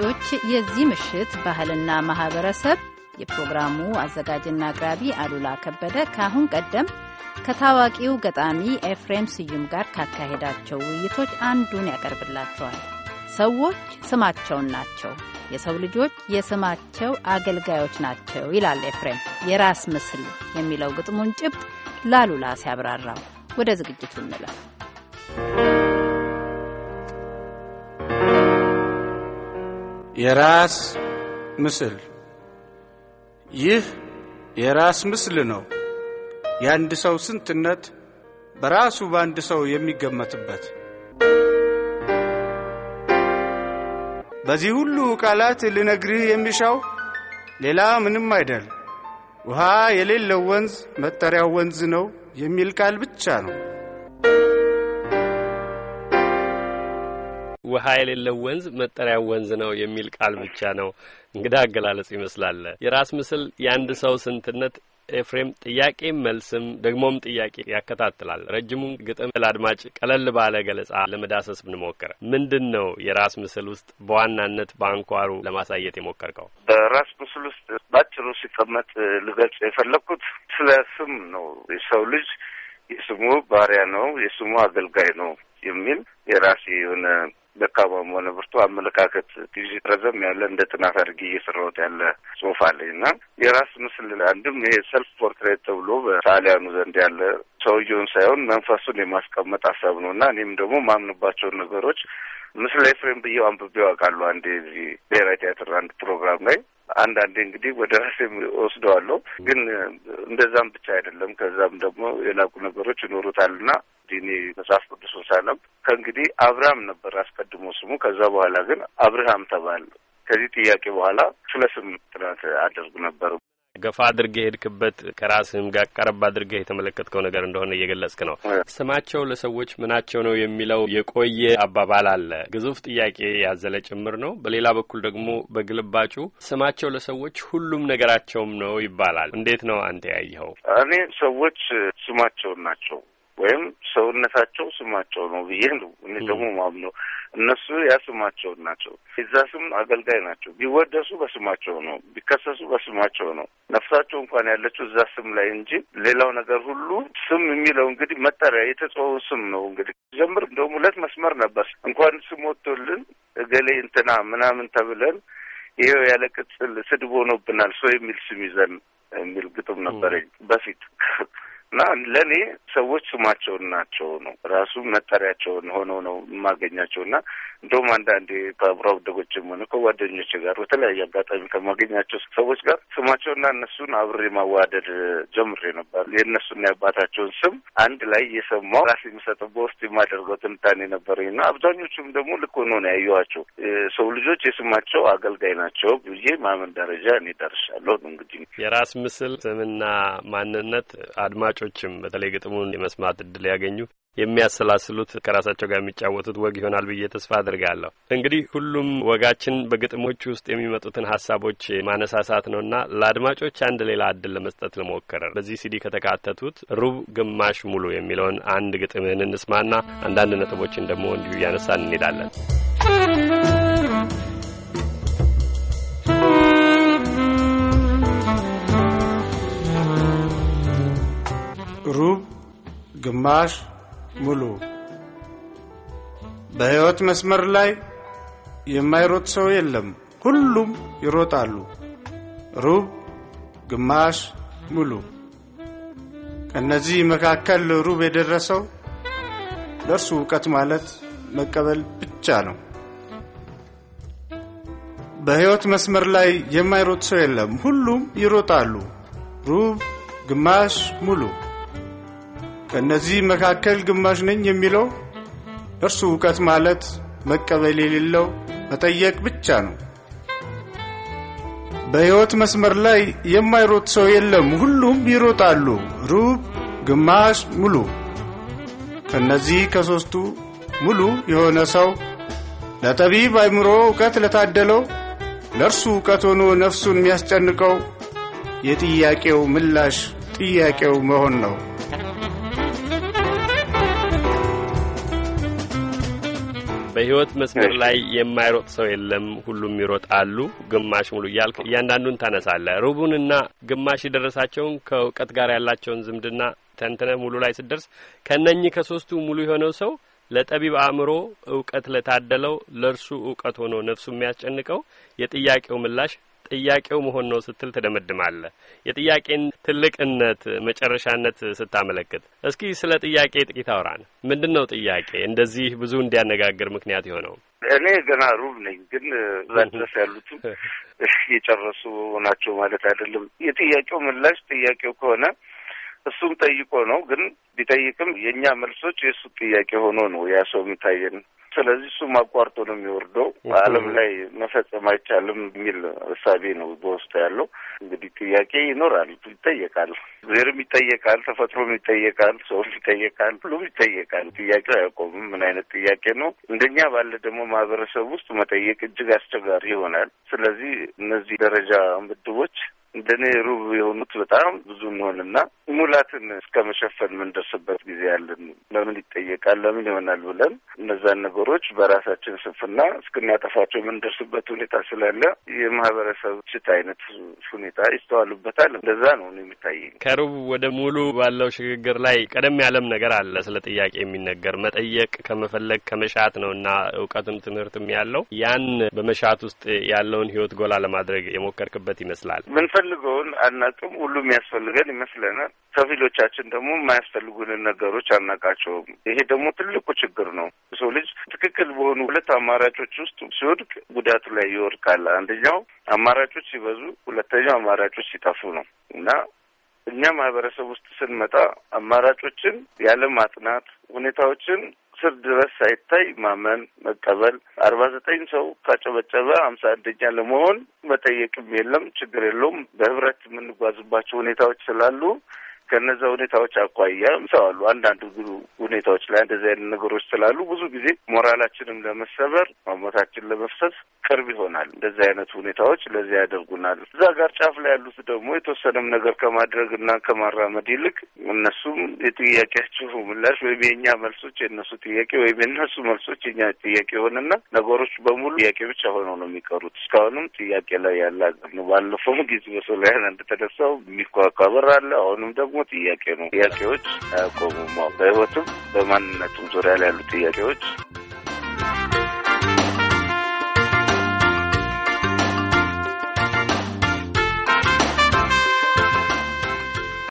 አድማጮች፣ የዚህ ምሽት ባህልና ማህበረሰብ የፕሮግራሙ አዘጋጅና አቅራቢ አሉላ ከበደ ከአሁን ቀደም ከታዋቂው ገጣሚ ኤፍሬም ስዩም ጋር ካካሄዳቸው ውይይቶች አንዱን ያቀርብላቸዋል። ሰዎች ስማቸውን ናቸው፣ የሰው ልጆች የስማቸው አገልጋዮች ናቸው ይላል ኤፍሬም የራስ ምስል የሚለው ግጥሙን ጭብጥ ላሉላ ሲያብራራው። ወደ ዝግጅቱ እንለፍ። የራስ ምስል። ይህ የራስ ምስል ነው። የአንድ ሰው ስንትነት በራሱ በአንድ ሰው የሚገመትበት በዚህ ሁሉ ቃላት ልነግርህ የሚሻው ሌላ ምንም አይደል። ውሃ የሌለው ወንዝ መጠሪያው ወንዝ ነው የሚል ቃል ብቻ ነው። ውሃ የሌለው ወንዝ መጠሪያ ወንዝ ነው የሚል ቃል ብቻ ነው። እንግዳ አገላለጽ ይመስላል። የራስ ምስል የአንድ ሰው ስንትነት ኤፍሬም ጥያቄ መልስም ደግሞም ጥያቄ ያከታትላል። ረጅሙን ግጥም ለአድማጭ ቀለል ባለ ገለጻ ለመዳሰስ ብንሞክር ምንድን ነው የራስ ምስል ውስጥ በዋናነት በአንኳሩ ለማሳየት የሞከርከው? በራስ ምስል ውስጥ ባጭሩ ሲቀመጥ ልገልጽ የፈለግኩት ስለ ስም ነው። የሰው ልጅ የስሙ ባሪያ ነው፣ የስሙ አገልጋይ ነው የሚል የራሴ የሆነ ደካማም ሆነ ብርቱ አመለካከት ጊዜ ረዘም ያለ እንደ ጥናት አድርጌ እየሰራሁት ያለ ጽሁፍ አለኝ እና የራስ ምስል አንድም ይሄ ሰልፍ ፖርትሬት ተብሎ በሰዓሊያኑ ዘንድ ያለ ሰውየውን ሳይሆን መንፈሱን የማስቀመጥ ሀሳብ ነው እና እኔም ደግሞ ማምንባቸውን ነገሮች ምስል ላይ ፍሬም ብዬው አንብቤ አውቃለሁ። አንዴ እዚህ ብሔራዊ ቲያትር አንድ ፕሮግራም ላይ አንዳንዴ እንግዲህ ወደ ራሴም ወስደዋለሁ። ግን እንደዛም ብቻ አይደለም፣ ከዛም ደግሞ የላቁ ነገሮች ይኖሩታል ይኖሩታልና እኔ መጽሐፍ ቅዱስን ሳነብ ከእንግዲህ አብርሃም ነበር አስቀድሞ ስሙ፣ ከዛ በኋላ ግን አብርሃም ተባል ከዚህ ጥያቄ በኋላ ስለ ስም ጥናት አደርግ ነበር። ገፋ አድርገህ የሄድክበት ከራስህም ጋር ቀረብ አድርገህ የተመለከትከው ነገር እንደሆነ እየገለጽክ ነው። ስማቸው ለሰዎች ምናቸው ነው የሚለው የቆየ አባባል አለ። ግዙፍ ጥያቄ ያዘለ ጭምር ነው። በሌላ በኩል ደግሞ በግልባጩ ስማቸው ለሰዎች ሁሉም ነገራቸውም ነው ይባላል። እንዴት ነው አንተ ያየኸው? እኔ ሰዎች ስማቸውን ናቸው ወይም ሰውነታቸው ስማቸው ነው ብዬ ነው እኔ ደግሞ ማምነው። እነሱ ያ ስማቸው ናቸው። የዛ ስም አገልጋይ ናቸው። ቢወደሱ በስማቸው ነው፣ ቢከሰሱ በስማቸው ነው። ነፍሳቸው እንኳን ያለችው እዛ ስም ላይ እንጂ ሌላው ነገር ሁሉ ስም የሚለው እንግዲህ መጠሪያ የተጽውን ስም ነው። እንግዲህ ጀምር እንደውም ሁለት መስመር ነበር። እንኳን ስም ወጥቶልን እገሌ እንትና ምናምን ተብለን ይኸው ያለ ቅጽል ስድብ ሆኖብናል ሰው የሚል ስም ይዘን የሚል ግጥም ነበረኝ በፊት እና ለእኔ ሰዎች ስማቸውን ናቸው ነው ራሱ መጠሪያቸውን ሆነው ነው የማገኛቸው። እና እንደውም አንዳንዴ ከአብሮ አደጎችም ሆነ ከጓደኞች ጋር በተለያየ አጋጣሚ ከማገኛቸው ሰዎች ጋር ስማቸውና እነሱን አብሬ ማዋደድ ጀምሬ ነበር። የእነሱና የአባታቸውን ስም አንድ ላይ እየሰማው ራሴ የሚሰጠው በውስጥ የማደርገው ትንታኔ ነበረኝ እና አብዛኞቹም ደግሞ ልክ ሆኖ ነው ያየኋቸው። ሰው ልጆች የስማቸው አገልጋይ ናቸው ብዬ ማመን ደረጃ እኔ ደርሻለሁ። እንግዲህ የራስ ምስል ስምና ማንነት አድማጭ አድማጮችም በተለይ ግጥሙን የመስማት እድል ያገኙ የሚያሰላስሉት ከራሳቸው ጋር የሚጫወቱት ወግ ይሆናል ብዬ ተስፋ አድርጋለሁ። እንግዲህ ሁሉም ወጋችን በግጥሞች ውስጥ የሚመጡትን ሀሳቦች ማነሳሳት ነውና ለአድማጮች አንድ ሌላ እድል ለመስጠት ልሞክር። በዚህ ሲዲ ከተካተቱት ሩብ ግማሽ ሙሉ የሚለውን አንድ ግጥምህን እንስማና አንዳንድ ነጥቦችን ደግሞ እንዲሁ እያነሳን እንሄዳለን። ሩብ፣ ግማሽ፣ ሙሉ በሕይወት መስመር ላይ የማይሮጥ ሰው የለም። ሁሉም ይሮጣሉ። ሩብ፣ ግማሽ፣ ሙሉ። ከእነዚህ መካከል ሩብ የደረሰው ለእርሱ እውቀት ማለት መቀበል ብቻ ነው። በሕይወት መስመር ላይ የማይሮጥ ሰው የለም። ሁሉም ይሮጣሉ። ሩብ፣ ግማሽ፣ ሙሉ ከእነዚህ መካከል ግማሽ ነኝ የሚለው እርሱ እውቀት ማለት መቀበል የሌለው መጠየቅ ብቻ ነው። በሕይወት መስመር ላይ የማይሮጥ ሰው የለም። ሁሉም ይሮጣሉ፣ ሩብ፣ ግማሽ፣ ሙሉ። ከእነዚህ ከሦስቱ ሙሉ የሆነ ሰው ለጠቢብ አእምሮ እውቀት ለታደለው ለእርሱ እውቀት ሆኖ ነፍሱን የሚያስጨንቀው የጥያቄው ምላሽ ጥያቄው መሆን ነው። በህይወት መስመር ላይ የማይሮጥ ሰው የለም፣ ሁሉም ይሮጣሉ፣ ግማሽ ሙሉ እያልክ እያንዳንዱን ታነሳለ። ሩቡንና ግማሽ የደረሳቸውን ከእውቀት ጋር ያላቸውን ዝምድና ተንትነ ሙሉ ላይ ስደርስ ከእነኚህ ከሶስቱ ሙሉ የሆነው ሰው ለጠቢብ አእምሮ እውቀት ለታደለው ለእርሱ እውቀት ሆኖ ነፍሱ የሚያስጨንቀው የጥያቄው ምላሽ ጥያቄው መሆን ነው ስትል ትደመድማለህ። የጥያቄን ትልቅነት መጨረሻነት ስታመለክት እስኪ ስለ ጥያቄ ጥቂት አውራን። ምንድን ነው ጥያቄ እንደዚህ ብዙ እንዲያነጋግር ምክንያት የሆነው? እኔ ገና ሩብ ነኝ፣ ግን እዛ ድረስ ያሉትም የጨረሱ ናቸው ማለት አይደለም። የጥያቄው ምላሽ ጥያቄው ከሆነ እሱም ጠይቆ ነው። ግን ቢጠይቅም የእኛ መልሶች የእሱ ጥያቄ ሆኖ ነው ያ ሰው የሚታየን ስለዚህ እሱም አቋርጦ ነው የሚወርደው። አለም ላይ መፈጸም አይቻልም የሚል እሳቤ ነው በውስጡ ያለው። እንግዲህ ጥያቄ ይኖራል፣ ይጠየቃል፣ ዜርም ይጠየቃል፣ ተፈጥሮም ይጠየቃል፣ ሰውም ይጠየቃል፣ ሁሉም ይጠየቃል። ጥያቄው አያቆምም። ምን አይነት ጥያቄ ነው? እንደኛ ባለ ደግሞ ማህበረሰብ ውስጥ መጠየቅ እጅግ አስቸጋሪ ይሆናል። ስለዚህ እነዚህ ደረጃ ምድቦች እንደ ሩብ የሆኑት በጣም ብዙ መሆንና ሙላትን እስከ መሸፈን የምንደርስበት ጊዜ ያለን ለምን ይጠየቃል ለምን ይሆናል ብለን እነዛን ነገሮች በራሳችን ስንፍና እስክናጠፋቸው የምንደርስበት ሁኔታ ስላለ የማህበረሰብ ችት አይነት ሁኔታ ይስተዋሉበታል። እንደዛ ነው የሚታየኝ። ከሩብ ወደ ሙሉ ባለው ሽግግር ላይ ቀደም ያለም ነገር አለ። ስለ ጥያቄ የሚነገር መጠየቅ ከመፈለግ ከመሻት ነው እና እውቀትም ትምህርትም ያለው ያን በመሻት ውስጥ ያለውን ህይወት ጎላ ለማድረግ የሞከርክበት ይመስላል። የምንፈልገውን አናቅም። ሁሉም የሚያስፈልገን ይመስለናል። ከፊሎቻችን ደግሞ የማያስፈልጉንን ነገሮች አናቃቸውም። ይሄ ደግሞ ትልቁ ችግር ነው። ሰው ልጅ ትክክል በሆኑ ሁለት አማራጮች ውስጥ ሲወድቅ ጉዳቱ ላይ ይወድቃል። አንደኛው አማራጮች ሲበዙ፣ ሁለተኛው አማራጮች ሲጠፉ ነው እና እኛ ማህበረሰብ ውስጥ ስንመጣ አማራጮችን ያለ ማጥናት ሁኔታዎችን ስር ድረስ ሳይታይ ማመን መቀበል። አርባ ዘጠኝ ሰው ካጨበጨበ ሀምሳ አንደኛ ለመሆን መጠየቅም የለም ችግር የለውም። በህብረት የምንጓዝባቸው ሁኔታዎች ስላሉ ከነዚ ሁኔታዎች አኳያ ሰዋሉ አንዳንድ ሁኔታዎች ላይ እንደዚህ አይነት ነገሮች ስላሉ ብዙ ጊዜ ሞራላችንም ለመሰበር ማሞታችን ለመፍሰስ ቅርብ ይሆናል። እንደዚህ አይነት ሁኔታዎች ለዚህ ያደርጉናል። እዛ ጋር ጫፍ ላይ ያሉት ደግሞ የተወሰነም ነገር ከማድረግ እና ከማራመድ ይልቅ እነሱም የጥያቄያችሁ ምላሽ ወይም የእኛ መልሶች የእነሱ ጥያቄ ወይም የእነሱ መልሶች የኛ ጥያቄ ሆንና ነገሮች በሙሉ ጥያቄ ብቻ ሆነው ነው የሚቀሩት። እስካሁንም ጥያቄ ላይ ያለ ነው። ባለፈውም ጊዜ በሶላያን እንደተነሳው የሚኳኳበር አለ። አሁንም ደግሞ ጥያቄ ነው። ጥያቄዎች አያቆሙም። በሕይወትም በማንነቱም ዙሪያ ላይ ያሉ ጥያቄዎች